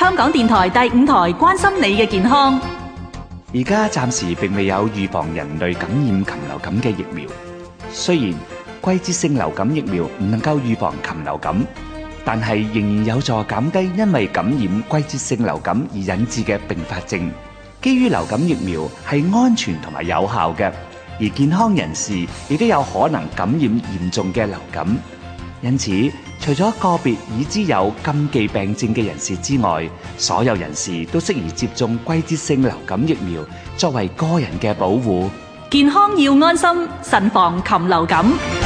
香港電台第五台關心你嘅健康。而家暫時並未有預防人類感染禽流感嘅疫苗。雖然季節性流感疫苗唔能夠預防禽流感，但係仍然有助減低因為感染季節性流感而引致嘅併發症。基於流感疫苗係安全同埋有效嘅，而健康人士亦都有可能感染嚴重嘅流感，因此，除咗個別已知有禁忌病症嘅人士之外，所有人士都適宜接種季節性流感疫苗，作為個人嘅保護。健康要安心，慎防禽流感。